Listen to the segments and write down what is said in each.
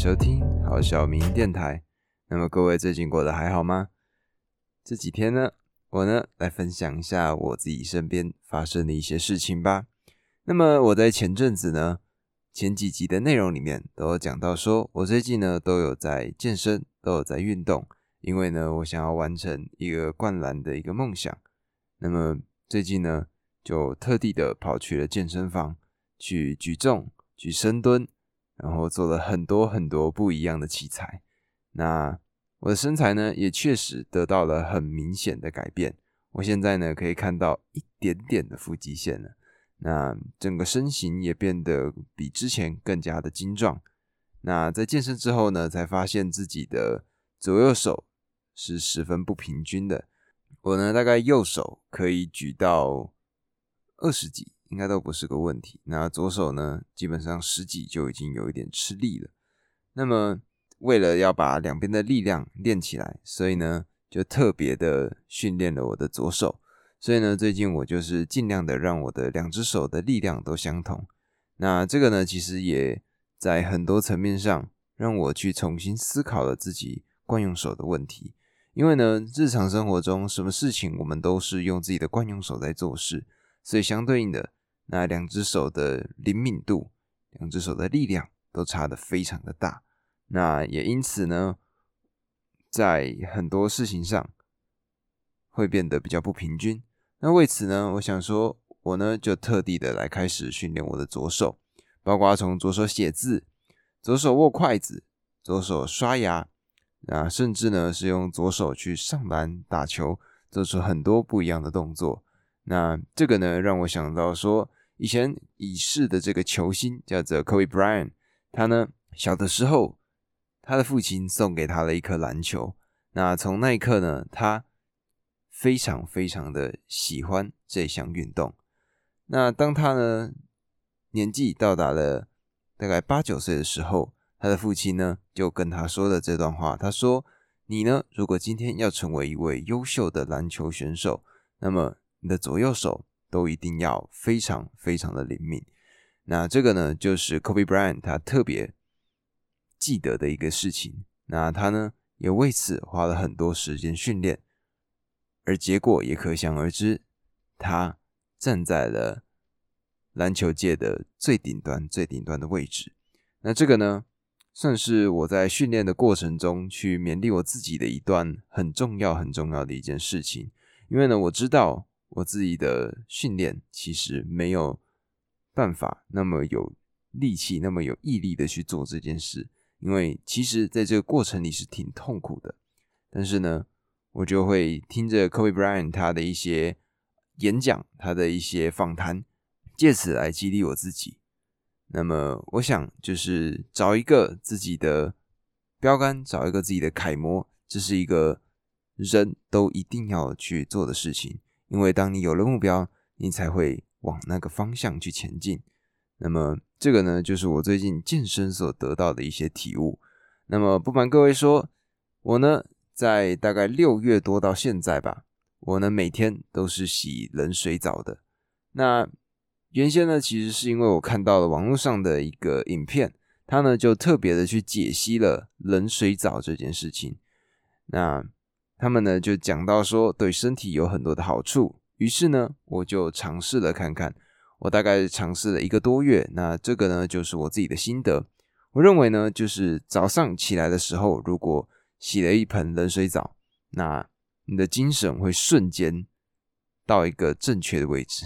收聽好小明電台。那麼各位最近過得還好嗎？這幾天呢，我呢來分享一下我自己身邊發生的一些事情吧。那麼我在前陣子呢，前幾集的內容裡面都有講到說，說我最近呢都有在健身，都有在運動，因為呢我想要完成一個灌籃的一個夢想。那麼最近呢，就特地的跑去了健身房去舉重、去深蹲。然後做了很多很多不一樣的器材，那我的身材呢也確實得到了很明顯的改變。我現在呢可以看到一點點的腹肌線了，那整個身形也變得比之前更加的精壯。那在健身之後呢，才發現自己的左右手是十分不平均的。我呢大概右手可以舉到二十幾。應該都不是個問題。那左手呢，基本上十幾就已經有一點吃力了。那麼為了要把兩邊的力量練起來，所以呢就特別的訓練了我的左手。所以呢最近我就是盡量的讓我的兩隻手的力量都相同。那這個呢其實也在很多層面上讓我去重新思考了自己慣用手的問題。因為呢日常生活中什麼事情我們都是用自己的慣用手在做事，所以相對應的。那兩隻手的靈敏度、兩隻手的力量都差得非常的大。那也因此呢，在很多事情上會變得比較不平均。那為此呢，我想說，我呢就特地的來開始訓練我的左手，包括從左手寫字、左手握筷子、左手刷牙，啊，甚至呢是用左手去上籃打球，做出很多不一樣的動作。那這個呢，讓我想到說。以前已逝的這個球星叫做 Kobe Bryant，他呢小的時候，他的父親送給他了一顆籃球，那從那一刻呢，他非常非常的喜歡這項運動。那當他呢年紀到達了大概八九歲的時候，他的父親呢就跟他說了這段話，他說：“你呢如果今天要成為一位優秀的籃球選手，那麼你的左右手。”都一定要非常非常的靈敏。那這個呢，就是 Kobe Bryant 他特別記得的一個事情。那他呢，也為此花了很多時間訓練，而結果也可想而知，他站在了籃球界的最頂端、最頂端的位置。那這個呢，算是我在訓練的過程中去勉勵我自己的一段很重要、很重要的一件事情。因為呢，我知道。我自己的訓練其實沒有辦法那麼有力氣、那麼有毅力的去做這件事，因為其實在這個過程裡是挺痛苦的。但是呢，我就會聽着 Kobe Bryant 他的一些演講、他的一些訪談，借此來激勵我自己。那麼，我想就是找一個自己的標杆，找一個自己的楷模，這是一個人都一定要去做的事情。因為當你有了目標，你才會往那個方向去前進。那麼這個呢，就是我最近健身所得到的一些體悟。那麼不瞞各位說，我呢在大概六月多到現在吧，我呢每天都是洗冷水澡的。那原先呢，其實是因為我看到了網絡上的一個影片，它呢就特別的去解析了冷水澡這件事情。那他們呢就講到說對身體有很多的好處，於是呢我就嘗試了看看，我大概嘗試了一個多月，那這個呢就是我自己的心得。我認為呢就是早上起來的時候，如果洗了一盆冷水澡，那你的精神會瞬間到一個正確的位置，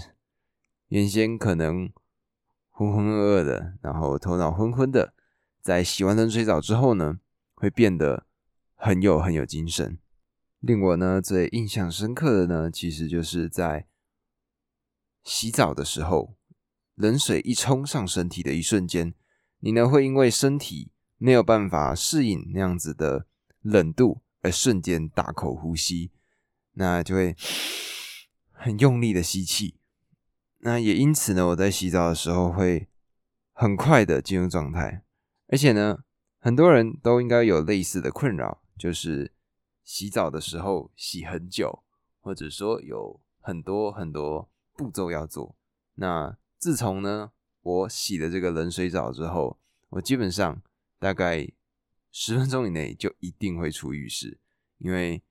原先可能渾渾噩噩的，然後頭腦昏昏的，在洗完冷水澡之後呢，會變得很有很有精神。令我呢最印象深刻的呢，其實就是在洗澡的時候，冷水一沖上身體的一瞬間，你呢會因為身體沒有辦法適應那樣子的冷度，而瞬間大口呼吸，那就會很用力的吸氣。那也因此呢，我在洗澡的時候會很快的進入狀態，而且呢，很多人都應該有類似的困擾，就是。洗澡的時候洗很久，或者說有很多很多步驟要做。那自從呢我洗了這個冷水澡之後，我基本上大概十分鐘以內就一定會出浴室，因為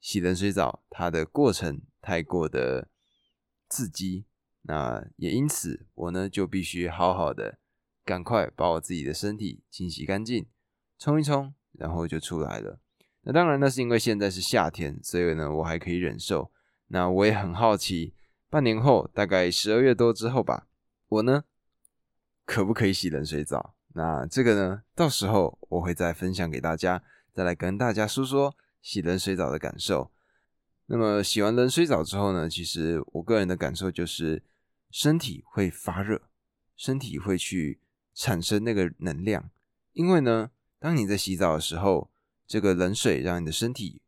洗冷水澡它的過程太過的刺激。那也因此我呢就必須好好的趕快把我自己的身體清洗乾淨，沖一沖，然後就出來了。那當然，那是因為現在是夏天，所以呢，我還可以忍受。那我也很好奇，半年後，大概十二月多之後吧，我呢，可不可以洗冷水澡？那這個呢，到時候我會再分享給大家，再來跟大家說說洗冷水澡的感受。那麼洗完冷水澡之後呢，其實我個人的感受就是身體會發熱，身體會去產生那個能量。因為呢，當你在洗澡的時候，這個冷水讓你的身體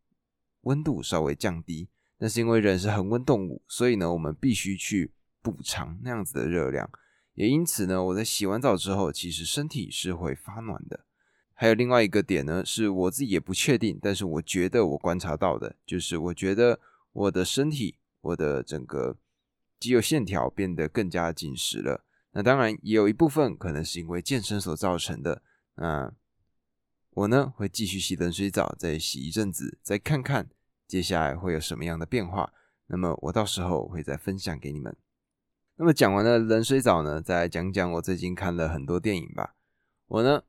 溫度稍微降低，那是因為人是恆溫動物，所以呢，我們必須去補償那樣子的熱量。也因此呢，我在洗完澡之後，其實身體是會發暖的。還有另外一個點呢，是我自己也不確定，但是我覺得我觀察到的就是，我覺得我的身體，我的整個肌肉線條變得更加緊實了。那當然也有一部分可能是因為健身所造成的。那、呃我呢會繼續洗冷水澡，再洗一陣子，再看看接下來會有什麼樣的變化。那麼我到時候會再分享給你們。那麼講完了冷水澡呢，再來講講我最近看了很多電影吧。我呢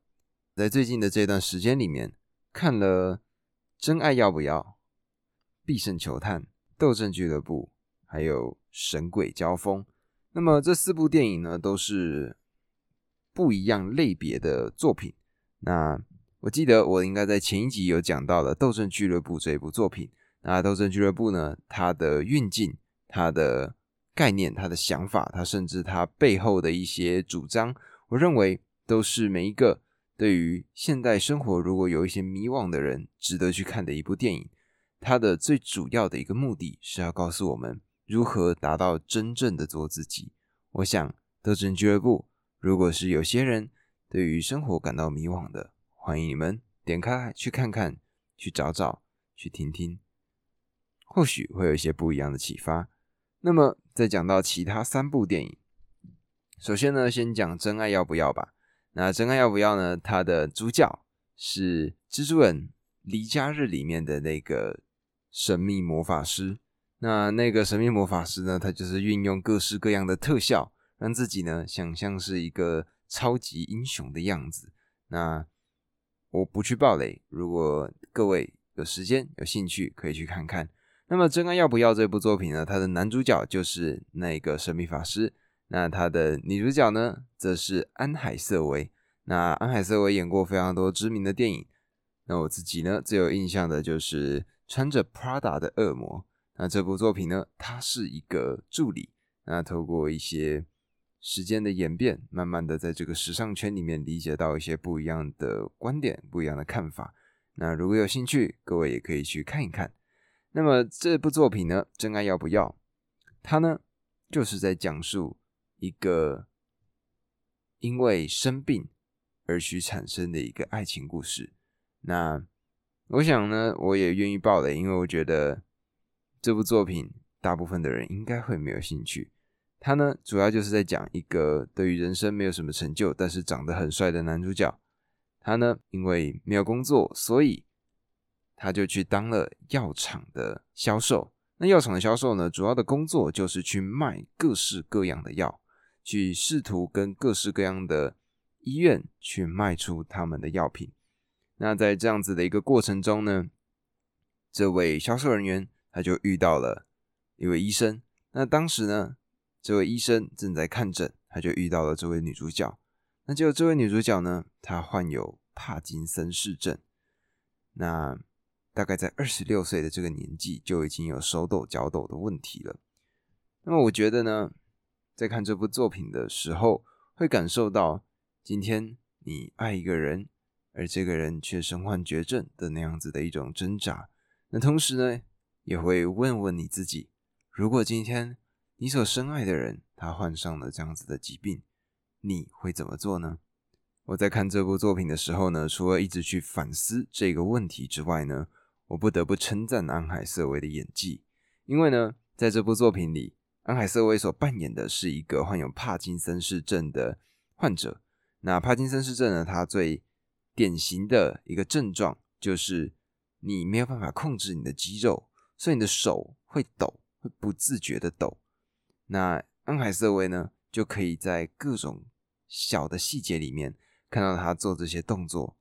在最近的這段時間裡面看了《真愛要不要》、《必勝球探》、《鬥陣俱樂部》還有《神鬼交鋒》。那麼這四部電影呢都是不一樣類別的作品。那我記得我應該在前一集有講到了《鬥陣俱樂部》這一部作品。那《鬥陣俱樂部》呢？它的運鏡、它的概念、它的想法，它甚至它背後的一些主張，我認為都是每一個對於現代生活如果有一些迷惘的人值得去看的一部電影。它的最主要的一個目的是要告訴我們如何達到真正的做自己。我想，《鬥陣俱樂部》如果是有些人對於生活感到迷惘的，歡迎你們點開去看看，去找找，去聽聽，或許會有一些不一樣的啟發。那麼，再講到其他三部電影，首先呢，先講《真愛要不要》吧。那《真愛要不要》呢？它的主角是《蜘蛛人：離家日》裡面的那個神秘魔法師。那那個神秘魔法師呢？他就是運用各式各樣的特效，讓自己呢，想像是一個超級英雄的樣子。那我不去暴雷。如果各位有時間、有興趣，可以去看看。那麼，真愛要不要這部作品呢？它的男主角就是那個神秘法師。那它的女主角呢，則是安海瑟薇。那安海瑟薇演過非常多知名的電影。那我自己呢，最有印象的就是穿着 Prada 的惡魔。那這部作品呢，它是一個助理。那透過一些。時間的演變，慢慢的在這個時尚圈裡面理解到一些不一樣的觀點、不一樣的看法。那如果有興趣，各位也可以去看一看。那麼這部作品呢，《真愛要不要》它呢，就是在講述一個因為生病而去產生的一個愛情故事。那我想呢，我也願意爆雷，因為我覺得這部作品大部分的人應該會沒有興趣。他呢，主要就是在講一個對於人生沒有什麼成就，但是長得很帥的男主角。他呢，因為沒有工作，所以他就去當了藥廠的銷售。那藥廠的銷售呢，主要的工作就是去賣各式各樣的藥，去試圖跟各式各樣的醫院去賣出他們的藥品。那在這樣子的一個過程中呢，這位銷售人員他就遇到了一位醫生。那當時呢，這位醫生正在看診，他就遇到了這位女主角。那就這位女主角呢，她患有帕金森氏症，那大概在二十六歲的這個年紀就已經有手抖、腳抖的問題了。那麼我覺得呢，在看這部作品的時候，會感受到今天你愛一個人，而這個人卻身患絕症的那樣子的一種掙扎。那同時呢，也會問問你自己：如果今天你所深愛的人，他患上了這樣子的疾病，你會怎麼做呢？我在看這部作品的時候呢，除了一直去反思這個問題之外呢，我不得不稱讚安海瑟薇的演技，因為呢，在這部作品裡，安海瑟薇所扮演的是一個患有帕金森氏症的患者。那帕金森氏症呢，它最典型的一個症狀就是你沒有辦法控制你的肌肉，所以你的手會抖，會不自覺的抖。那安海瑟薇呢，就可以在各種小的細節裡面看到他做這些動作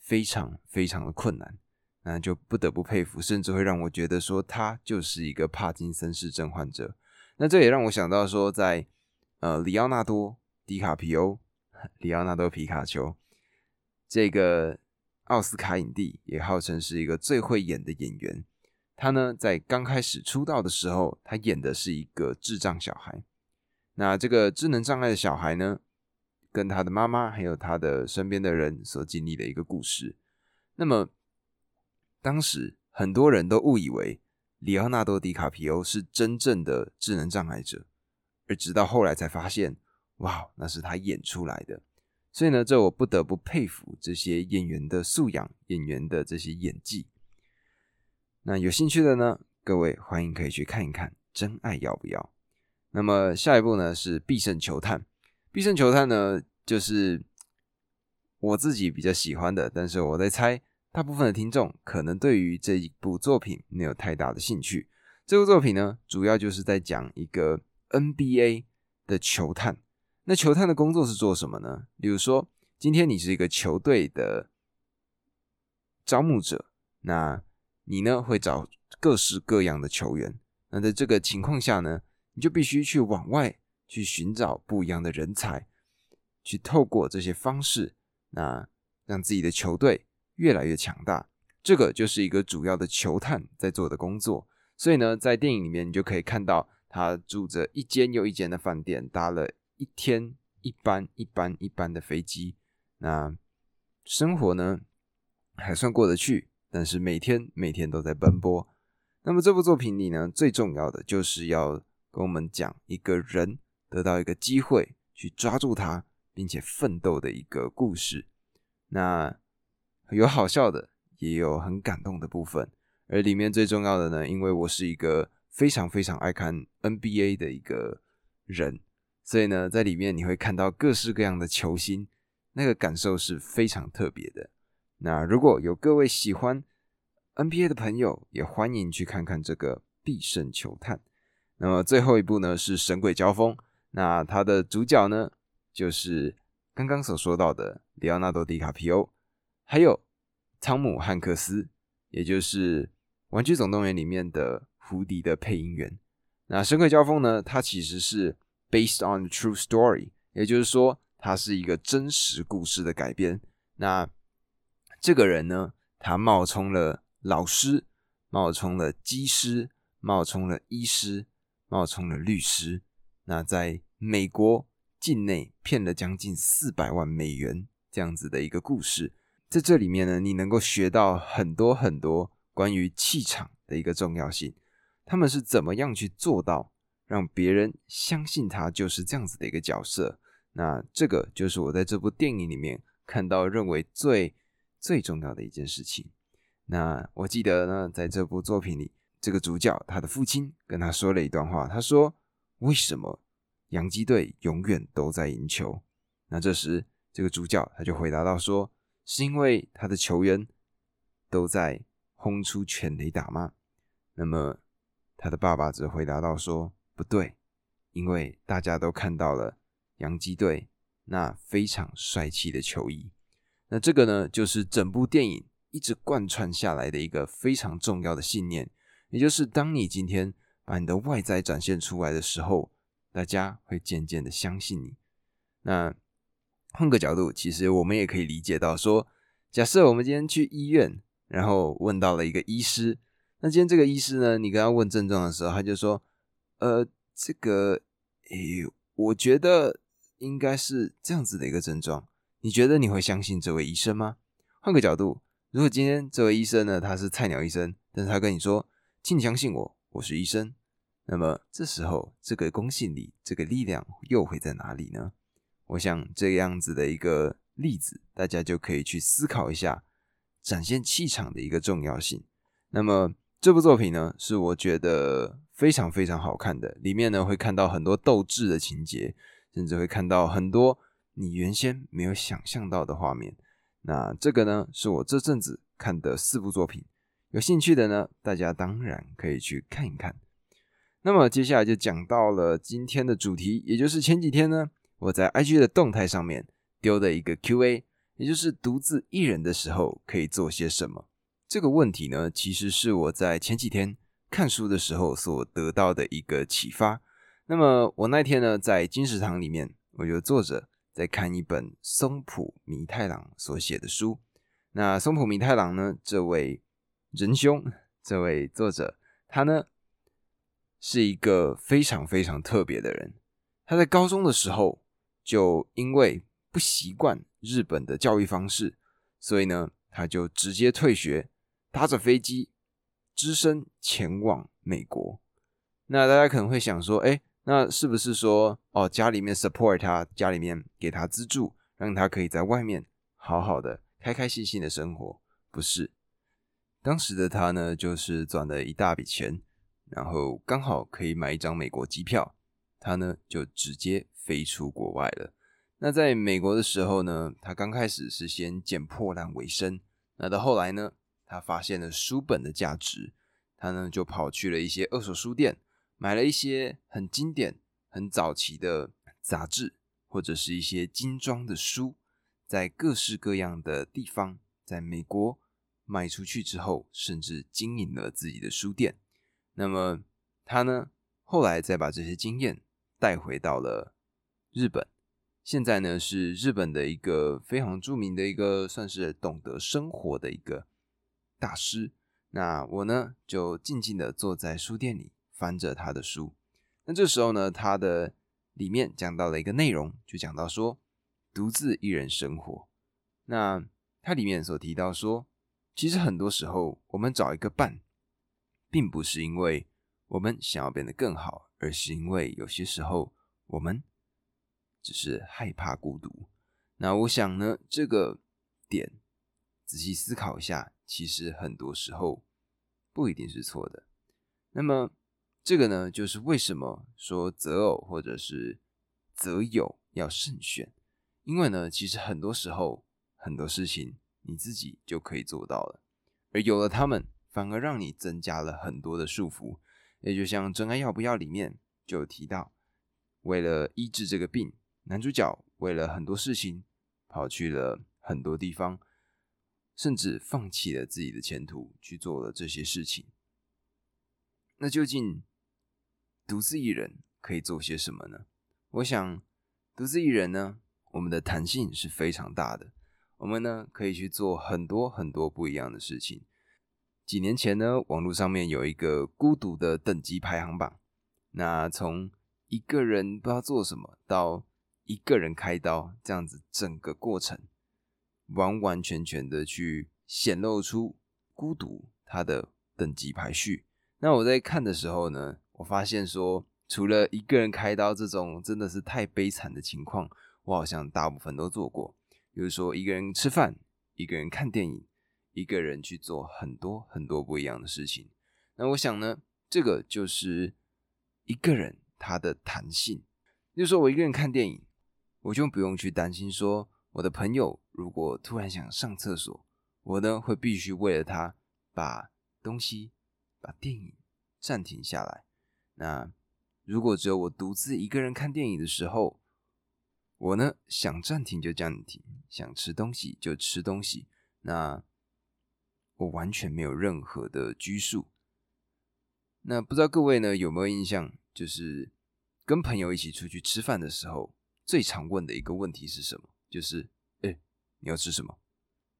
非常非常的困難，那就不得不佩服，甚至會讓我覺得說他就是一個帕金森氏症患者。那這也讓我想到說在，在呃里奧納多·迪卡皮歐，里奧納多·皮卡丘這個奧斯卡影帝，也號稱是一個最會演的演員。他呢，在剛開始出道的時候，他演的是一個智障小孩。那這個智能障礙的小孩呢，跟他的媽媽還有他的身邊的人所經歷的一個故事。那麼，當時很多人都誤以為里奧納多·迪卡皮歐是真正的智能障礙者，而直到後來才發現，哇，那是他演出來的。所以呢，這我不得不佩服這些演員的素養，演員的這些演技。那有興趣的呢，各位歡迎可以去看一看《真愛要不要》。那麼下一部呢，是必勝球探《必勝球探》。《必勝球探》呢，就是我自己比較喜歡的，但是我在猜，大部分的聽眾可能對於這一部作品沒有太大的興趣。這部作品呢，主要就是在講一個 NBA 的球探。那球探的工作是做什麼呢？例如說，今天你是一個球隊的招募者，那你呢，會找各式各樣的球員，那在這個情況下呢，你就必須去往外去尋找不一樣的人才，去透過這些方式，那讓自己的球隊越來越強大。這個就是一個主要的球探在做的工作。所以呢，在電影裡面你就可以看到他住着一間又一間的飯店，搭了一天一班一班一班的飛機，那生活呢，還算過得去。但是每天每天都在奔波。那麼這部作品裡呢，最重要的就是要跟我們講一個人得到一個機會去抓住他並且奮鬥的一個故事。那有好笑的，也有很感動的部分。而裡面最重要的呢，因為我是一個非常非常愛看 NBA 的一個人，所以呢，在裡面你會看到各式各樣的球星，那個感受是非常特別的。那如果有各位喜歡 NBA 的朋友，也歡迎去看看這個《必勝球探》。那麼最後一部呢是《神鬼交鋒》，那它的主角呢就是剛剛所說到的里奧納多·迪卡皮歐，還有湯姆·漢克斯，也就是《玩具總動員》裡面的胡迪的配音員。那《神鬼交鋒》呢，它其實是 based on true story，也就是說，它是一個真實故事的改編。那這個人呢，他冒充了老師，冒充了機師，冒充了醫師，冒充了律師。那在美國境內騙了將近四百萬美元這樣子的一個故事，在這裡面呢，你能夠學到很多很多關於氣場的一個重要性。他們是怎麼樣去做到讓別人相信他就是這樣子的一個角色？那這個就是我在這部電影裡面看到認為最最重要的一件事情。那我記得呢，在這部作品裡，這個主角他的父親跟他說了一段話。他說：“為什麼洋基隊永遠都在贏球？”那這時，這個主角他就回答到說：“是因為他的球員都在轟出全壘打嗎？”那麼，他的爸爸則回答到說：“不對，因為大家都看到了洋基隊那非常帥氣的球衣。”那這個呢，就是整部電影一直貫穿下來的一個非常重要的信念，也就是當你今天把你的外在展現出來的時候，大家會漸漸的相信你。那換個角度，其實我們也可以理解到說，說假設我們今天去醫院，然後問到了一個醫師，那今天這個醫師呢，你跟他問症狀的時候，他就說，呃，這個，欸，我覺得應該是這樣子的一個症狀。你覺得你會相信這位醫生嗎？換個角度，如果今天這位醫生呢，他是菜鳥醫生，但是他跟你說，請你相信我，我是醫生，那麼這時候這個公信力，這個力量又會在哪裡呢？我想這樣子的一個例子，大家就可以去思考一下，展現氣場的一個重要性。那麼這部作品呢，是我覺得非常非常好看的，裡面呢會看到很多鬥智的情節，甚至會看到很多。你原先沒有想象到的畫面，那這個呢是我這陣子看的四部作品，有興趣的呢，大家當然可以去看一看。那麼接下來就講到了今天的主題，也就是前幾天呢我在 IG 的動態上面丟的一個 QA，也就是獨自一人的時候可以做些什麼。這個問題呢，其實是我在前幾天看書的時候所得到的一個啟發。那麼我那天呢在金石堂裡面，我就坐着。在看一本松浦彌太郎所寫的書。那松浦彌太郎呢，這位仁兄，這位作者，他呢是一個非常非常特別的人。他在高中的時候就因為不習慣日本的教育方式，所以呢，他就直接退學，搭着飛機，只身前往美國。那大家可能會想說，哎。那是不是說哦，家裡面 support 他，家裡面給他資助，讓他可以在外面好好的、開開心心的生活？不是，當時的他呢，就是賺了一大筆錢，然後剛好可以買一張美國機票，他呢就直接飛出國外了。那在美國的時候呢，他剛開始是先撿破爛為生，那到後來呢，他發現了書本的價值，他呢就跑去了一些二手書店。買了一些很經典、很早期的雜誌，或者是一些精裝的書，在各式各樣的地方，在美國賣出去之後，甚至經營了自己的書店。那麼他呢，後來再把這些經驗帶回到了日本。現在呢，是日本的一個非常著名的一個，算是懂得生活的一個大師。那我呢，就靜靜的坐在書店裡。翻着他的書，那這時候呢，他的裡面講到了一個內容，就講到說，獨自一人生活。那他裡面所提到說，其實很多時候我們找一個伴，並不是因為我們想要變得更好，而是因為有些時候我們只是害怕孤獨。那我想呢，這個點仔細思考一下，其實很多時候不一定是錯的。那麼。這個呢，就是為什麼說，擇偶或者是擇友要慎選，因為呢，其實很多時候很多事情你自己就可以做到了，而有了他們，反而讓你增加了很多的束縛。也就像《真愛要不要》裡面就有提到，為了醫治這個病，男主角為了很多事情跑去了很多地方，甚至放棄了自己的前途去做了這些事情。那究竟，獨自一人可以做些什麼呢？我想，獨自一人呢，我們的彈性是非常大的。我們呢，可以去做很多很多不一樣的事情。幾年前呢，網絡上面有一個孤獨的等級排行榜。那從一個人不知道做什麼，到一個人開刀，這樣子整個過程完完全全的去顯露出孤獨它的等級排序。那我在看的時候呢，我發現說，除了一個人開刀這種真的是太悲慘的情況，我好像大部分都做過。比如說一個人吃飯，一個人看電影，一個人去做很多很多不一樣的事情。那我想呢，這個就是一個人他的彈性。比如說我一個人看電影，我就不用去擔心說，我的朋友如果突然想上廁所，我呢會必須為了他把東西把電影暫停下來。那如果只有我獨自一個人看電影的時候，我呢想暫停就暫停，想吃東西就吃東西，那我完全沒有任何的拘束。那不知道各位呢有沒有印象，就是跟朋友一起出去吃飯的時候，最常問的一個問題是什麼？就是哎，欸，你要吃什麼？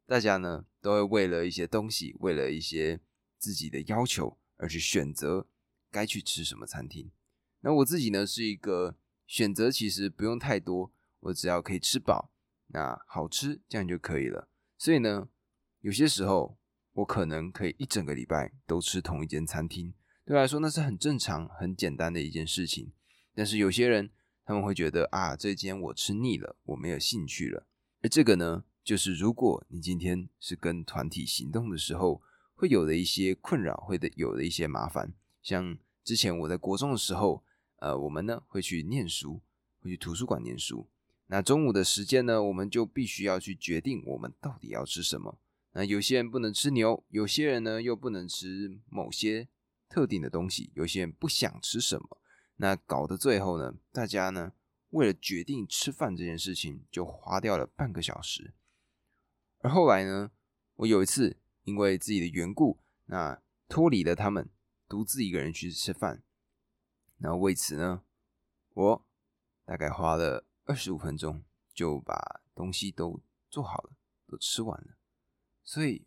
大家呢都會為了一些東西，為了一些自己的要求而去選擇。該去吃什麼餐廳？那我自己呢？是一個選擇，其實不用太多，我只要可以吃飽，那好吃，這樣就可以了。所以呢，有些時候我可能可以一整個禮拜都吃同一間餐廳，對我來說那是很正常、很簡單的一件事情。但是有些人他們會覺得啊，這間我吃膩了，我沒有興趣了。而這個呢，就是如果你今天是跟團體行動的時候，會有的一些困擾，會有的一些麻煩。像之前我在國中的時候，呃，我們呢會去念書，會去圖書館念書。那中午的時間呢，我們就必須要去決定我們到底要吃什麼。那有些人不能吃牛，有些人呢又不能吃某些特定的東西，有些人不想吃什麼。那搞得最後呢，大家呢為了決定吃飯這件事情，就花掉了半個小時。而後來呢，我有一次因為自己的緣故，那脫離了他們。獨自一個人去吃飯，然後為此呢，我大概花了二十五分鐘就把東西都做好了，都吃完了。所以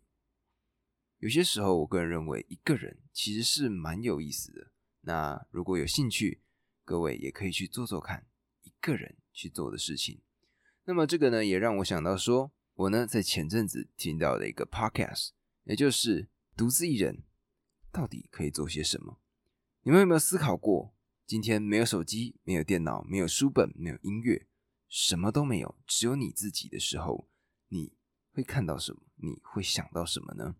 有些時候，我個人認為一個人其實是蠻有意思的。那如果有興趣，各位也可以去做做看一個人去做的事情。那麼這個呢，也讓我想到說，我呢在前陣子聽到了一個 podcast，也就是獨自一人。到底可以做些什麼？你們有沒有思考過？今天沒有手機，沒有電腦，沒有書本，沒有音樂，什麼都沒有，只有你自己的時候，你會看到什麼？你會想到什麼呢？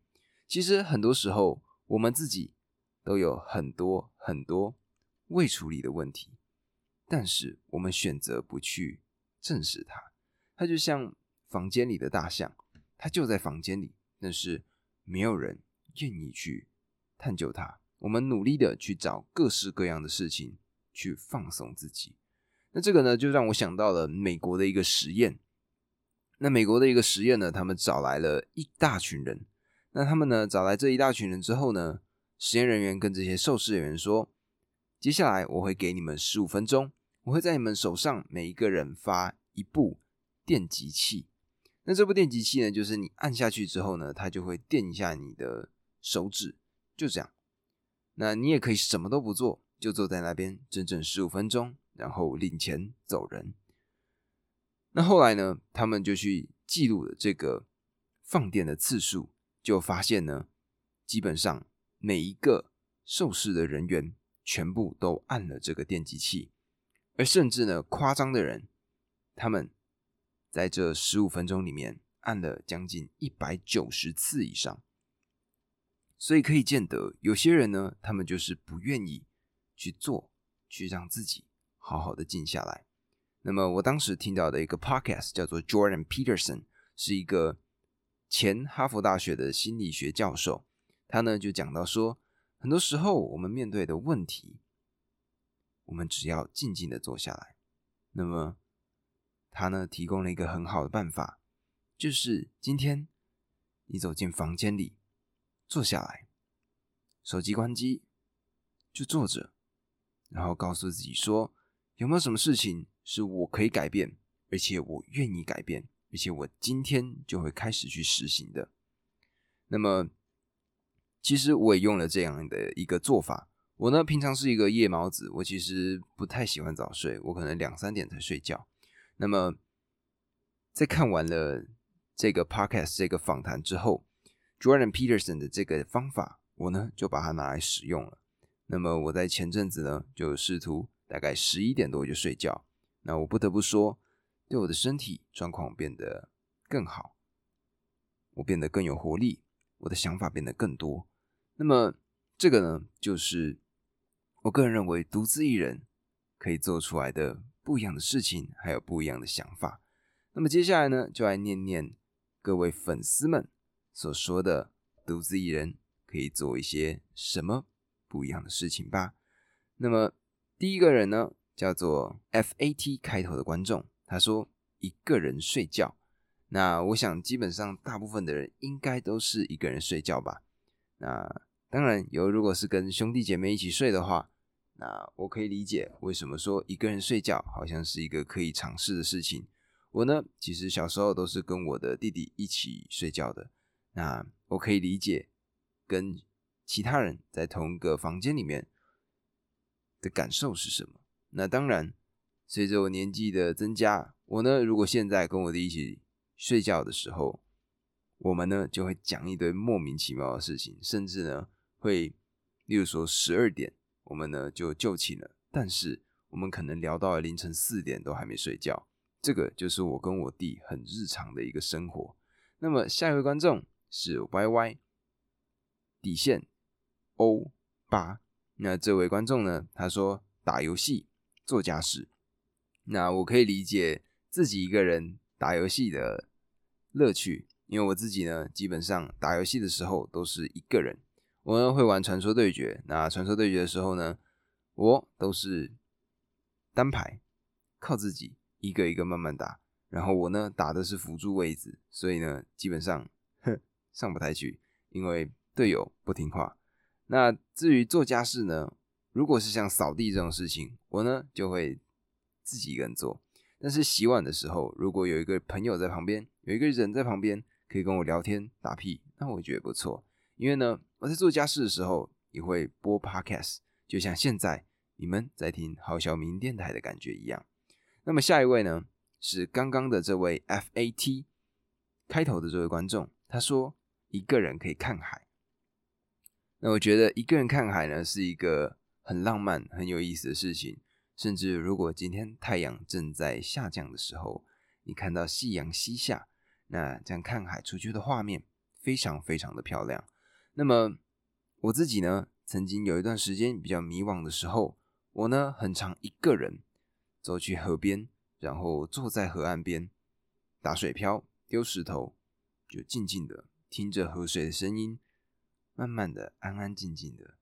其實很多時候，我們自己都有很多很多未處理的問題，但是我們選擇不去正視它。它就像房間裡的大象，它就在房間裡，但是沒有人願意去。探究它。我們努力的去找各式各樣的事情去放鬆自己。那這個呢，就讓我想到了美國的一個實驗。那美國的一個實驗呢，他們找來了一大群人。那他們呢，找來這一大群人之後呢，實驗人員跟這些受試人員說：“接下來我會給你們十五分鐘，我會在你們手上每一個人發一部電擊器。那這部電擊器呢，就是你按下去之後呢，它就會電一下你的手指。”就這樣，那你也可以什麼都不做，就坐在那邊整整十五分鐘，然後領錢走人。那後來呢，他們就去記錄了這個放電的次數，就發現呢，基本上每一個受試的人員全部都按了這個電擊器，而甚至呢，誇張的人，他們在這十五分鐘裡面按了將近一百九十次以上。所以可以見得，有些人呢，他們就是不願意去做，去讓自己好好的靜下來。那麼我當時聽到的一個 podcast 叫做 Jordan Peterson，是一個前哈佛大學的心理學教授，他呢就講到說，很多時候我們面對的問題，我們只要靜靜的坐下來，那麼他呢提供了一個很好的辦法，就是今天你走進房間裡。坐下來，手機關機，就坐着，然後告訴自己說：有沒有什麼事情是我可以改變，而且我願意改變，而且我今天就會開始去實行的？那麼，其實我也用了這樣的一個做法。我呢，平常是一個夜貓子，我其實不太喜歡早睡，我可能兩三點才睡覺。那麼，在看完了這個 podcast 這個訪談之後，Jordan Peterson 的這個方法，我呢就把它拿來使用了。那麼我在前陣子呢就試圖大概十一點多就睡覺。那我不得不說，對我的身體狀況變得更好，我變得更有活力，我的想法變得更多。那麼這個呢，就是我個人認為獨自一人可以做出來的不一樣的事情，還有不一樣的想法。那麼接下來呢，就來念念各位粉絲們。所說的獨自一人可以做一些什麼不一樣的事情吧。那麼第一個人呢，叫做 FAT 開頭的觀眾，他說一個人睡覺。那我想基本上大部分的人應該都是一個人睡覺吧。那當然有，如果是跟兄弟姐妹一起睡的話，那我可以理解為什麼說一個人睡覺好像是一個可以嘗試的事情。我呢，其實小時候都是跟我的弟弟一起睡覺的。那我可以理解跟其他人在同一個房間裡面的感受是什麼。那當然，隨着我年紀的增加，我呢如果現在跟我弟弟一起睡覺的時候，我們呢就會講一堆莫名其妙的事情，甚至呢會，例如說十二點我們呢就就寢了，但是我們可能聊到了凌晨四點都還沒睡覺。這個就是我跟我弟很日常的一個生活。那麼下一位觀眾。是 YY 底線 O8。那這位觀眾呢，他說打遊戲做家事，那我可以理解自己一個人打遊戲的樂趣，因為我自己呢，基本上打遊戲的時候都是一個人。我呢會玩《傳說對決》，那《傳說對決》的時候呢，我都是單排，靠自己一個一個慢慢打。然後我呢打的是輔助位置，所以呢，基本上。上舞台去，因為隊友不聽話。那至於做家事呢？如果是像掃地這種事情，我呢就會自己一個人做。但是洗碗的時候，如果有一個朋友在旁邊，有一個人在旁邊可以跟我聊天打屁，那我覺得也不錯。因為呢，我在做家事的時候，也會播 podcast，就像現在你們在聽豪小明電台的感覺一樣。那麼下一位呢，是剛剛的這位 FAT 開頭的這位觀眾，他說。一個人可以看海，那我覺得一個人看海呢是一個很浪漫、很有意思的事情。甚至如果今天太陽正在下降的時候，你看到夕陽西下，那這樣看海出去的畫面非常非常的漂亮。那麼我自己呢，曾經有一段時間比較迷惘的時候，我呢很常一個人走去河邊，然後坐在河岸邊打水漂、丟石頭，就靜靜的。聽着河水的聲音，慢慢的、安安靜靜的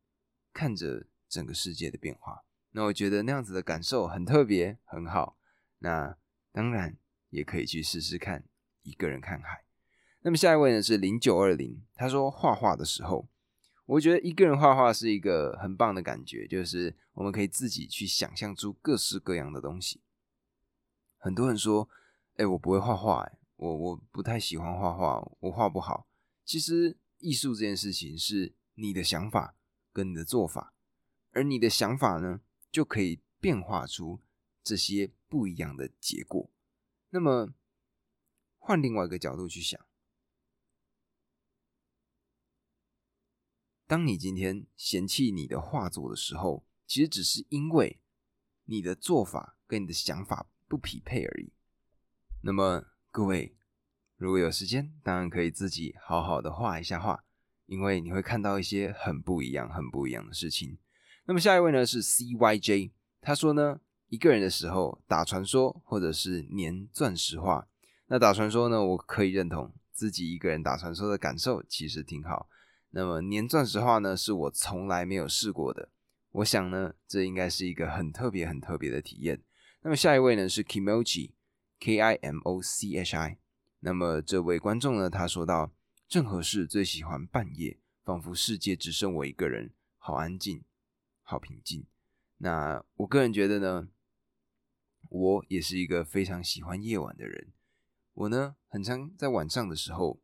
看着整個世界的變化。那我覺得那樣子的感受很特別、很好。那當然也可以去試試看一個人看海。那麼下一位呢是零九二零，他說，畫畫的時候，我覺得一個人畫畫是一個很棒的感覺，就是我們可以自己去想象出各式各樣的東西。很多人說：“哎，我不會畫畫，哎，我我不太喜歡畫畫，我畫不好。”其實藝術這件事情是你的想法跟你的做法，而你的想法呢，就可以變化出這些不一樣的結果。那麼，換另外一個角度去想，當你今天嫌棄你的畫作的時候，其實只是因為你的做法跟你的想法不匹配而已。那麼，各位。如果有時間，當然可以自己好好的畫一下畫，因為你會看到一些很不一樣、很不一樣的事情。那麼下一位呢是 C Y J，他說呢，一個人的時候打傳說或者是黏鑽石畫。那打傳說呢，我可以認同自己一個人打傳說的感受其實挺好。那麼黏鑽石畫呢，是我從來沒有試過的。我想呢，這應該是一個很特別、很特別的體驗。那麼下一位呢是 Kimochi，K I M O C H I。M o C H I, 那麼這位觀眾呢？他說道：“正何是最喜歡半夜，仿佛世界只剩我一個人，好安靜，好平靜。”那我個人覺得呢，我也是一個非常喜歡夜晚的人。我呢，很常在晚上的時候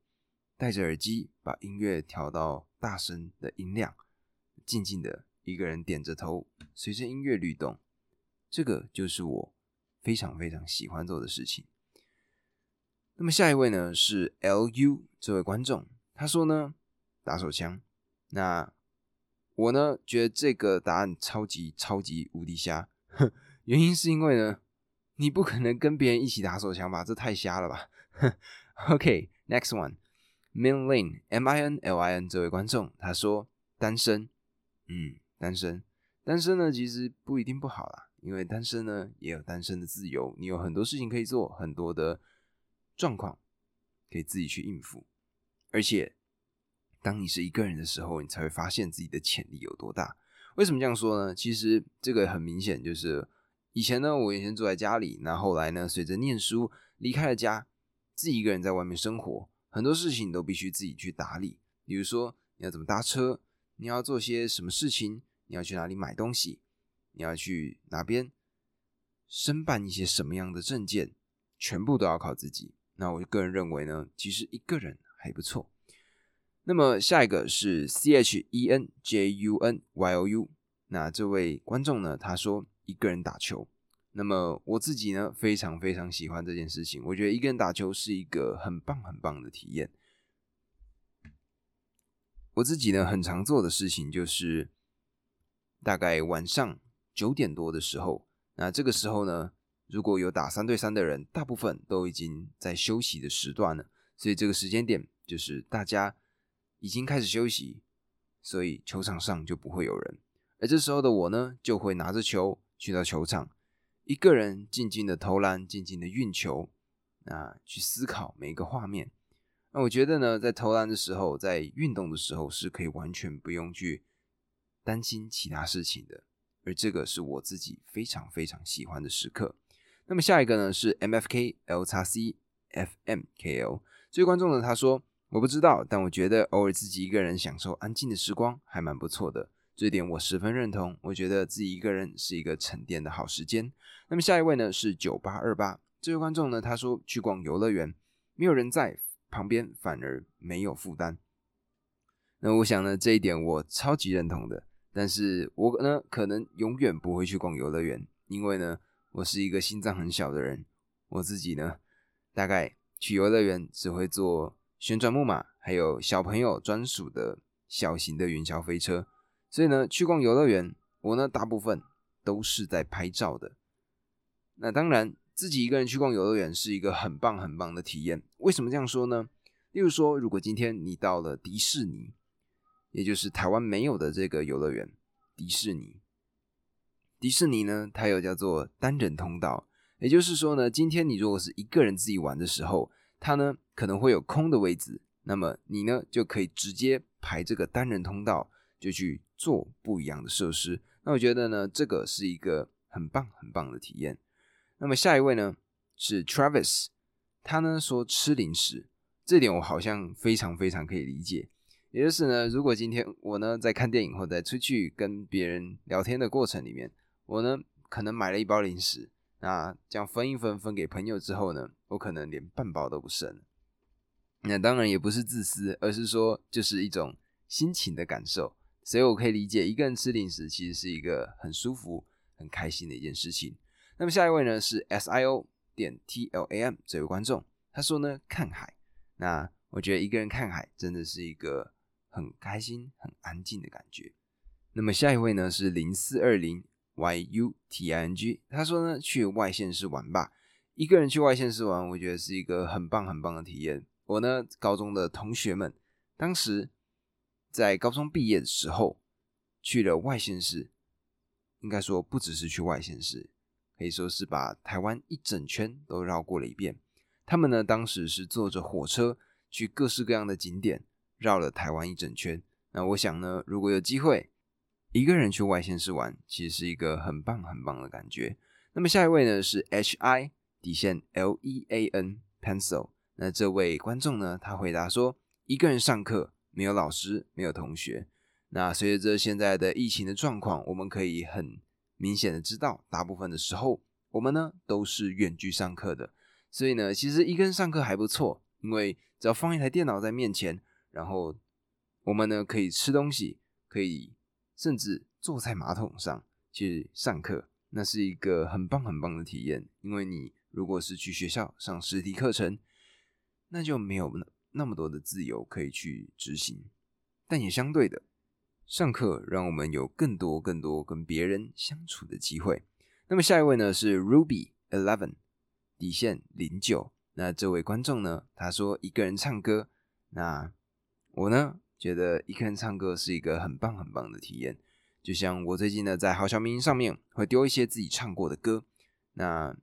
戴着耳機，把音樂調到大聲的音量，靜靜的一個人點着頭，隨着音樂律動。這個就是我非常非常喜歡做的事情。那麼下一位呢是 L.U 這位觀眾，他說呢，打手槍。那我呢覺得這個答案超級超級無敵瞎，原因是因為呢，你不可能跟別人一起打手槍吧，這太瞎了吧。哼，OK next one Minlin M I N L I N 這位觀眾他說單身，嗯，單身單身呢其實不一定不好啦，因為單身呢也有單身的自由，你有很多事情可以做，很多的。狀況可以自己去應付，而且當你是一個人的時候，你才會發現自己的潛力有多大。為什麼這樣說呢？其實這個很明顯，就是以前呢，我以前住在家裡，那後來呢，隨着念書，離開了家，自己一個人在外面生活，很多事情都必須自己去打理。比如說，你要怎麼搭車，你要做些什麼事情，你要去哪裡買東西，你要去哪邊，申辦一些什麼樣的證件，全部都要靠自己。那我個人認為呢，其實一個人還不錯。那麼下一個是 C H E N J U N Y O U，那這位觀眾呢，他說一個人打球。那麼我自己呢，非常非常喜歡這件事情。我覺得一個人打球是一個很棒很棒的體驗。我自己呢，很常做的事情就是，大概晚上九點多的時候，那這個時候呢。如果有打三對三的人，大部分都已經在休息的時段了，所以這個時間點就是大家已經開始休息，所以球場上就不會有人。而這時候的我呢，就會拿着球去到球場，一個人靜靜的投籃，靜靜的運球，啊，去思考每一個畫面。那我覺得呢，在投籃的時候，在運動的時候，是可以完全不用去擔心其他事情的，而這個是我自己非常非常喜歡的時刻。那麼下一個呢是 MFKL 叉 CFMKL 這位觀眾呢，他說，我不知道，但我覺得偶爾自己一個人享受安靜的時光還蠻不錯的，這一點我十分認同。我覺得自己一個人是一個沉澱的好時間。那麼下一位呢是九八二八，這位觀眾呢，他說，去逛遊樂園，沒有人在旁邊反而沒有負擔。那我想呢，這一點我超級認同的，但是我呢可能永遠不會去逛遊樂園，因為呢。我是一個心臟很小的人，我自己呢，大概去遊樂園只會坐旋轉木馬，還有小朋友專屬的小型的雲霄飛車，所以呢，去逛遊樂園，我呢，大部分都是在拍照的。那當然，自己一個人去逛遊樂園是一個很棒很棒的體驗。為什麼這樣說呢？例如說，如果今天你到了迪士尼，也就是台灣沒有的這個遊樂園，迪士尼。迪士尼呢，它有叫做單人通道，也就是說呢，今天你如果是一個人自己玩的時候，它呢可能會有空的位置，那麼你呢就可以直接排這個單人通道，就去做不一樣的設施。那我覺得呢，這個是一個很棒很棒的體驗。那麼下一位呢是 Travis，他呢說吃零食，這點我好像非常非常可以理解。也就是呢，如果今天我呢在看電影或者在出去跟別人聊天的過程裡面。我呢，可能買了一包零食，那這樣分一分，分給朋友之後呢，我可能連半包都不剩。那、嗯、當然也不是自私，而是說就是一種心情的感受。所以，我可以理解一個人吃零食其實是一個很舒服、很開心的一件事情。那麼下一位呢是 S I O 點 T L A M 這位觀眾，他說呢，看海。那我覺得一個人看海真的是一個很開心、很安靜的感覺。那麼下一位呢是零四二零。YUTING，他說呢，去外縣市玩吧。一個人去外縣市玩，我覺得是一個很棒很棒的體驗。我呢，高中的同學們，當時在高中畢業的時候去了外縣市，應該說不只是去外縣市，可以說是把台灣一整圈都繞過了一遍。他們呢，當時是坐着火車去各式各樣的景點，繞了台灣一整圈。那我想呢，如果有機會，一個人去外縣市玩，其實是一個很棒很棒的感覺。那麼下一位呢，是 H I 底線 L E A N pencil。那這位觀眾呢，他回答說：一個人上課沒有老師，沒有同學。那隨着這現在的疫情的狀況，我們可以很明顯的知道，大部分的時候我們呢都是遠距上課的。所以呢，其實一個人上課還不錯，因為只要放一台電腦在面前，然後我們呢可以吃東西，可以。甚至坐在馬桶上去上課，那是一個很棒很棒的體驗。因為你如果是去學校上實體課程，那就沒有那那麼多的自由可以去執行。但也相對的，上課讓我們有更多更多跟別人相處的機會。那麼下一位呢，是 Ruby Eleven 底線零九，那這位觀眾呢，他說一個人唱歌，那我呢？覺得一個人唱歌是一個很棒很棒的體驗，就像我最近呢在豪洨迷因上面會丟一些自己唱過的歌，那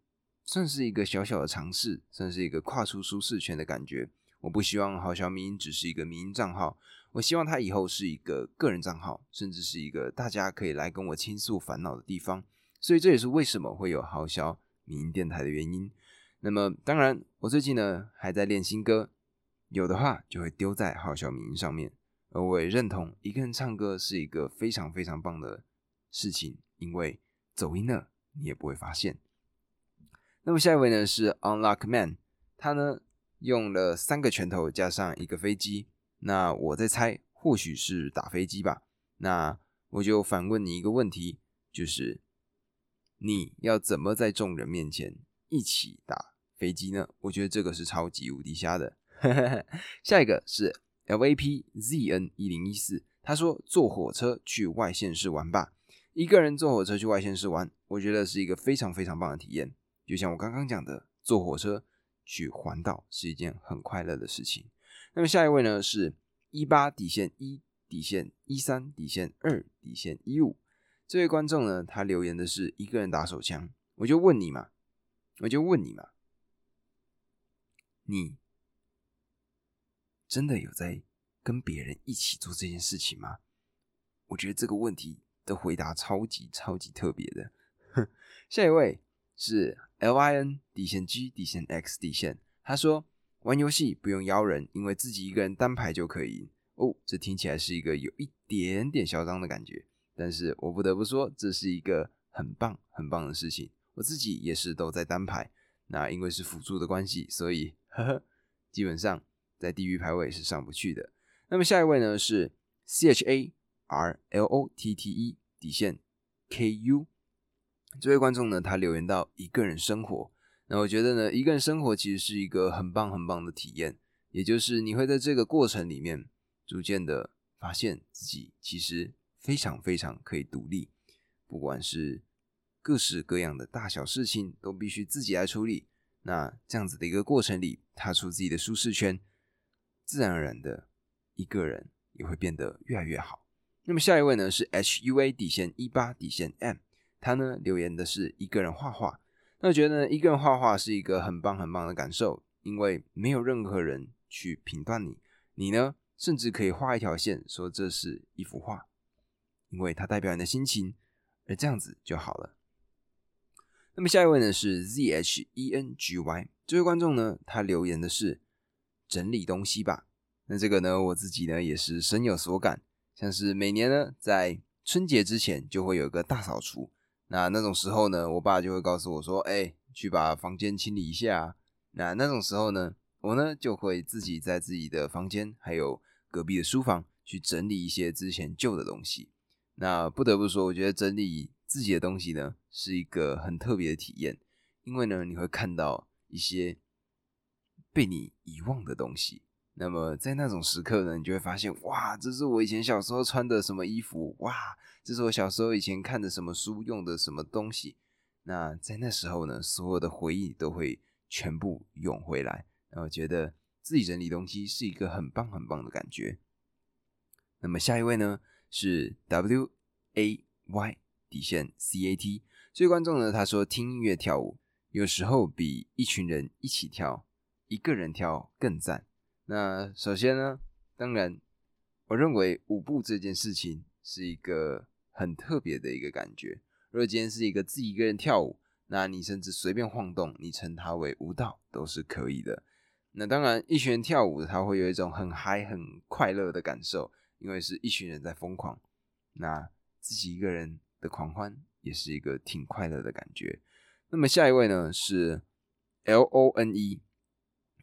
算是一個小小的嘗試，算是一個跨出舒適圈的感覺。我不希望豪洨迷因只是一個迷因賬號，我希望它以後是一個個人賬號，甚至是一個大家可以來跟我傾訴煩惱的地方。所以這也是為什麼會有豪洨迷因電台的原因。那麼當然，我最近呢還在練新歌，有的話就會丟在豪洨迷因上面。我也認同，一個人唱歌是一個非常非常棒的事情，因為走音呢，你也不會發現。那麼下一位呢是 Unlock Man，他呢用了三個拳頭加上一個飛機，那我在猜或許是打飛機吧。那我就反問你一個問題，就是你要怎麼在眾人面前一起打飛機呢？我覺得這個是超級無敵瞎的。哈哈哈，下一個是。LAP ZN 一零一四，A P Z N、14, 他說坐火車去外縣市玩吧，一個人坐火車去外縣市玩，我覺得是一個非常非常棒的體驗。就像我剛剛講的，坐火車去環島是一件很快樂的事情。那麼下一位呢是一八底線一底線一三底線二底線一五，這位觀眾呢，他留言的是一個人打手槍，我就問你嘛，我就問你嘛，你。真的有在跟別人一起做這件事情嗎？我覺得這個問題的回答超級超級特別的呵呵。下一位是 L I N 底線 G 底線 X 底線，他說玩遊戲不用邀人，因為自己一個人單排就可以。哦，這聽起來是一個有一點點囂張的感覺，但是我不得不說，這是一個很棒很棒的事情。我自己也是都在單排，那因為是輔助的關係，所以呵呵，基本上。在地獄排位是上不去的。那麼下一位呢是 C H A R L O T T E 底線 K U 這位觀眾呢，他留言到一個人生活。那我覺得呢，一個人生活其實是一個很棒很棒的體驗，也就是你會在這個過程裡面逐漸的發現自己其實非常非常可以獨立，不管是各式各樣的大小事情都必須自己來處理。那這樣子的一個過程裡，踏出自己的舒適圈。自然而然的，一個人也會變得越來越好。那麼下一位呢是 HUA 底線一八底線 M，他呢留言的是一個人畫畫，那我覺得呢一個人畫畫是一個很棒很棒的感受，因為沒有任何人去評斷你，你呢甚至可以畫一條線，說這是一幅畫，因為它代表你的心情，而這樣子就好了。那麼下一位呢是 ZHENGY，這位觀眾呢他留言的是整理東西吧，那這個呢，我自己呢也是深有所感，像是每年呢在春節之前就會有一個大掃除，那那種時候呢，我爸就會告訴我說：“哎，去把房間清理一下啊。”那那種時候呢，我呢就會自己在自己的房間還有隔壁的書房去整理一些之前舊的東西。那不得不說，我覺得整理自己的東西呢是一個很特別的體驗，因為呢你會看到一些。被你遺忘的東西，那麼在那種時刻呢，你就會發現，哇，這是我以前小時候穿的什麼衣服，哇，這是我小時候以前看的什麼書，用的什麼東西。那在那時候呢，所有的回憶都會全部湧回來，然後覺得自己整理東西是一個很棒很棒的感覺。那麼下一位呢是 W A Y 底線 C A T，所以觀眾呢他說聽音樂跳舞有時候比一群人一起跳。一個人跳更贊。那首先呢，當然，我認為舞步這件事情是一個很特別的一個感覺。如果今天是一個自己一個人跳舞，那你甚至隨便晃動，你稱它為舞蹈都是可以的。那當然，一群人跳舞，他會有一種很嗨、很快樂的感受，因為是一群人在瘋狂。那自己一個人的狂歡也是一個挺快樂的感覺。那麼下一位呢是 L O N E。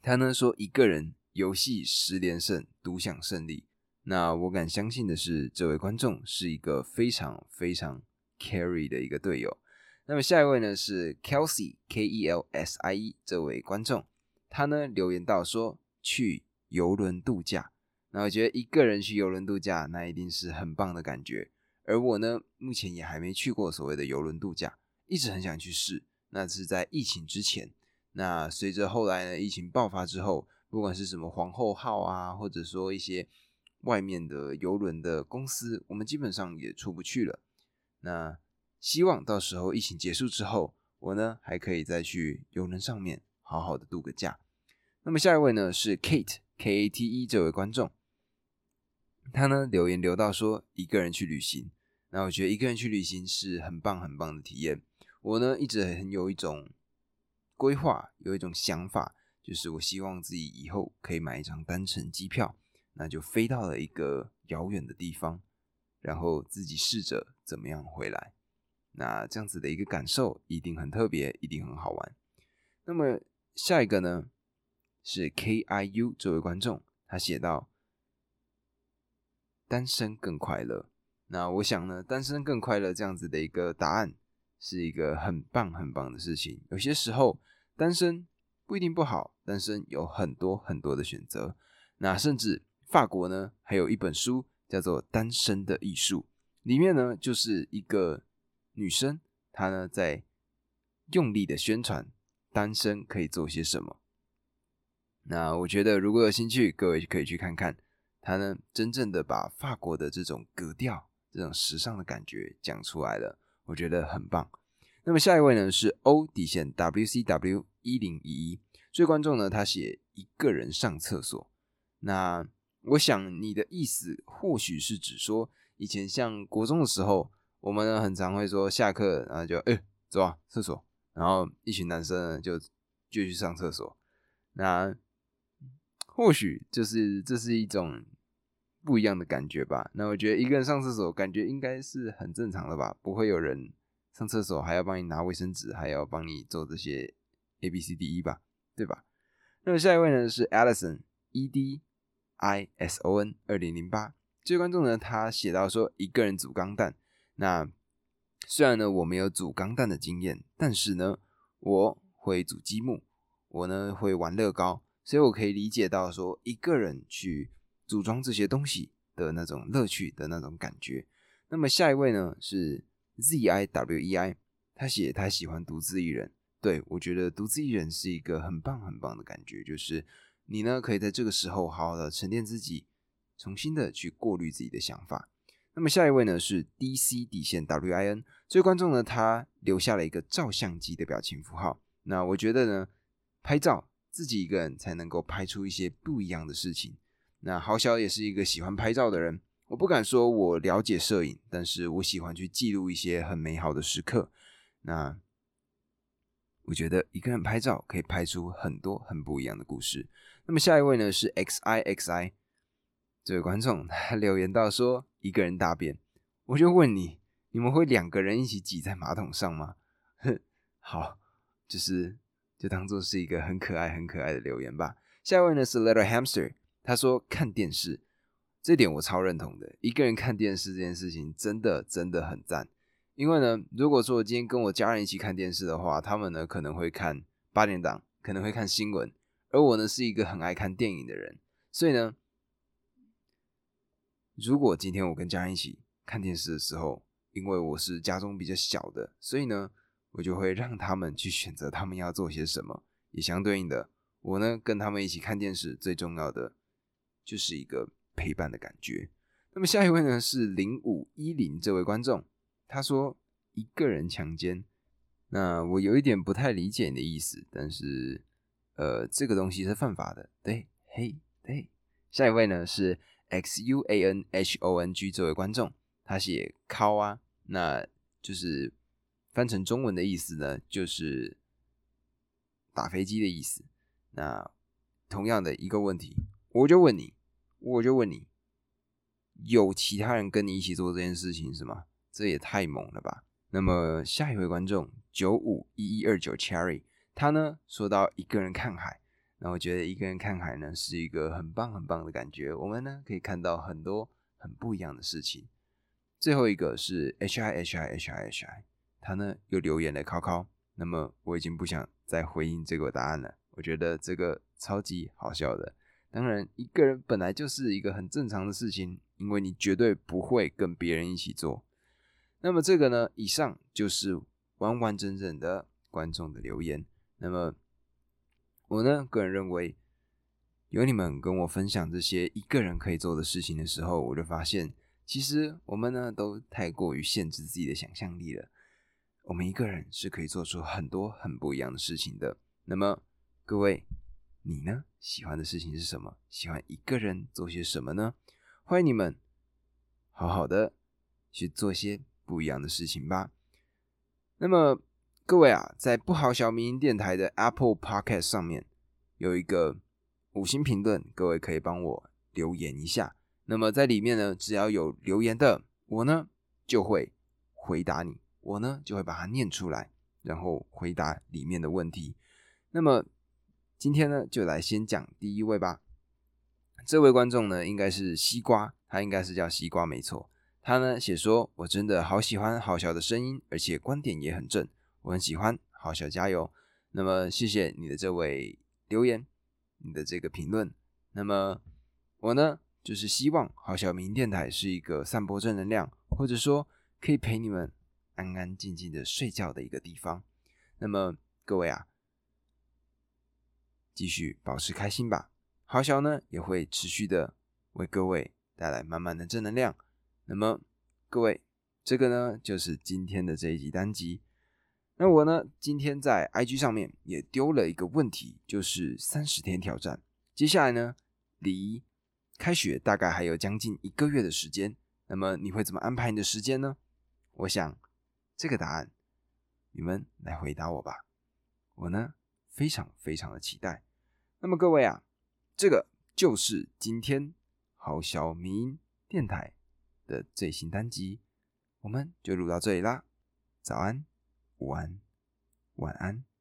他呢說，一個人遊戲十連勝，獨享勝利。那我敢相信的是，這位觀眾是一個非常非常 carry 的一個隊友。那麼下一位呢是 Kelsey Kelsie, K E L S I E 這位觀眾，他呢留言道說去郵輪度假。那我覺得一個人去郵輪度假，那一定是很棒的感覺。而我呢，目前也還沒去過所謂的郵輪度假，一直很想去試。那是在疫情之前。那隨着後來呢，疫情爆發之後，不管是什麼皇后號啊，或者說一些外面的郵輪的公司，我們基本上也出不去了。那希望到時候疫情結束之後，我呢還可以再去郵輪上面好好的度個假。那麼下一位呢是 Kate，K A T E 這位觀眾，他呢留言留到說一個人去旅行。那我覺得一個人去旅行是很棒很棒的體驗。我呢一直很有一種。規劃有一種想法，就是我希望自己以後可以買一張單程機票，那就飛到了一個遙遠的地方，然後自己試着怎麼樣回來。那這樣子的一個感受一定很特別，一定很好玩。那麼下一個呢，是 KIU 這位觀眾，他寫到，單身更快樂。那我想呢，單身更快樂這樣子的一個答案是一個很棒很棒的事情。有些時候。單身不一定不好，單身有很多很多的選擇。那甚至法國呢，還有一本書叫做《單身的藝術》，裡面呢就是一個女生，她呢在用力的宣傳單身可以做些什麼。那我覺得如果有興趣，各位可以去看看。她呢真正的把法國的這種格調、這種時尚的感覺講出來了，我覺得很棒。那麼下一位呢是 O 底線 W C W 一零一一，最觀眾呢，他寫一個人上廁所。那我想你的意思或許是指說，以前像國中的時候，我們呢很常會說下課然後就哎、欸、走啊廁所，然後一群男生呢就繼續上廁所。那或許就是這是一種不一樣的感覺吧。那我覺得一個人上廁所感覺應該是很正常的吧，不會有人。上廁所還要幫你拿衛生紙，還要幫你做這些 A B C D E 吧，對吧？那麼下一位呢是 Alison E D I S O N 二零零八，這位觀眾呢，他寫到說一個人組鋼彈，那雖然呢我沒有組鋼彈的經驗，但是呢我會組積木，我呢會玩樂高，所以我可以理解到說一個人去組裝這些東西的那種樂趣的那種感覺。那麼下一位呢是。Z I W E I，他寫他喜歡獨自一人，對，我覺得獨自一人是一個很棒很棒的感覺，就是你呢可以在這個時候好好的沉澱自己，重新的去過濾自己的想法。那麼下一位呢是 D C 底線 W I N，這位觀眾呢，他留下了一個照相機的表情符號，那我覺得呢，拍照自己一個人才能夠拍出一些不一樣的事情。那豪洨也是一個喜歡拍照的人。我不敢說我了解攝影，但是我喜歡去記錄一些很美好的時刻。那我覺得一個人拍照可以拍出很多很不一樣的故事。那麼下一位呢是 XIXI 這位觀眾，他留言到說一個人大便，我就問你，你們會兩個人一起擠在馬桶上嗎？哼，好，就是就當做是一個很可愛很可愛的留言吧。下一位呢是 Little Hamster，他說看電視。這點我超認同的，一個人看電視這件事情真的真的很讚，因為呢，如果說我今天跟我家人一起看電視的話，他們呢可能會看八點檔，可能會看新聞，而我呢是一個很愛看電影的人，所以呢，如果今天我跟家人一起看電視的時候，因為我是家中比較小的，所以呢，我就會讓他們去選擇他們要做些什麼，也相對應的，我呢跟他們一起看電視最重要的就是一個。陪伴的感覺。那麼下一位呢是零五一零這位觀眾，他說一個人強姦，那我有一點不太理解你的意思，但是呃，這個東西是犯法的。對，嘿，對。下一位呢是 x u a n h o n g 這位觀眾，他寫“靠啊”，那就是翻成中文的意思呢，就是打飛機的意思。那同樣的一個問題，我就問你。我就問你，有其他人跟你一起做這件事情是嗎？這也太猛了吧！那麼下一位觀眾九五一一二九 Cherry，他呢說到一個人看海，那我覺得一個人看海呢是一個很棒很棒的感覺。我們呢可以看到很多很不一樣的事情。最後一個是 hi hi hi hi，他呢又留言了考考，那麼我已經不想再回應這個答案了。我覺得這個超級好笑的。當然，一個人本來就是一個很正常的事情，因為你絕對不會跟別人一起做。那麼，這個呢，以上就是完完整整的觀眾的留言。那麼，我呢，個人認為，有你們跟我分享這些一個人可以做的事情的時候，我就發現，其實我們呢，都太過於限制自己的想象力了。我們一個人是可以做出很多很不一樣的事情的。那麼，各位，你呢？喜歡的事情是什麼？喜歡一個人做些什麼呢？歡迎你們，好好的去做些不一樣的事情吧。那麼各位啊，在不好小民營電台的 Apple Podcast 上面有一個五星評論，各位可以幫我留言一下。那麼在裡面呢，只要有留言的，我呢就會回答你，我呢就會把它念出來，然後回答裡面的問題。那麼。今天呢，就來先講第一位吧。這位觀眾呢，應該是西瓜，他應該是叫西瓜，沒錯。他呢寫說：“我真的好喜歡豪洨的聲音，而且觀點也很正，我很喜歡。豪洨加油。”那麼，謝謝你的這位留言，你的這個評論。那麼，我呢就是希望豪洨明電臺是一個散播正能量，或者說可以陪你們安安靜靜的睡覺的一個地方。那麼，各位啊。繼續保持開心吧，豪洨呢也會持續的為各位帶來滿滿的正能量。那麼各位，這個呢就是今天的這一集單集。那我呢今天在 IG 上面也丟了一個問題，就是三十天挑戰。接下來呢離開學大概還有將近一個月的時間，那麼你會怎麼安排你的時間呢？我想這個答案你們來回答我吧。我呢。非常非常的期待。那麼各位啊，這個就是今天豪洨迷因電台的最新單集，我們就錄到這裡啦。早安，午安，晚安。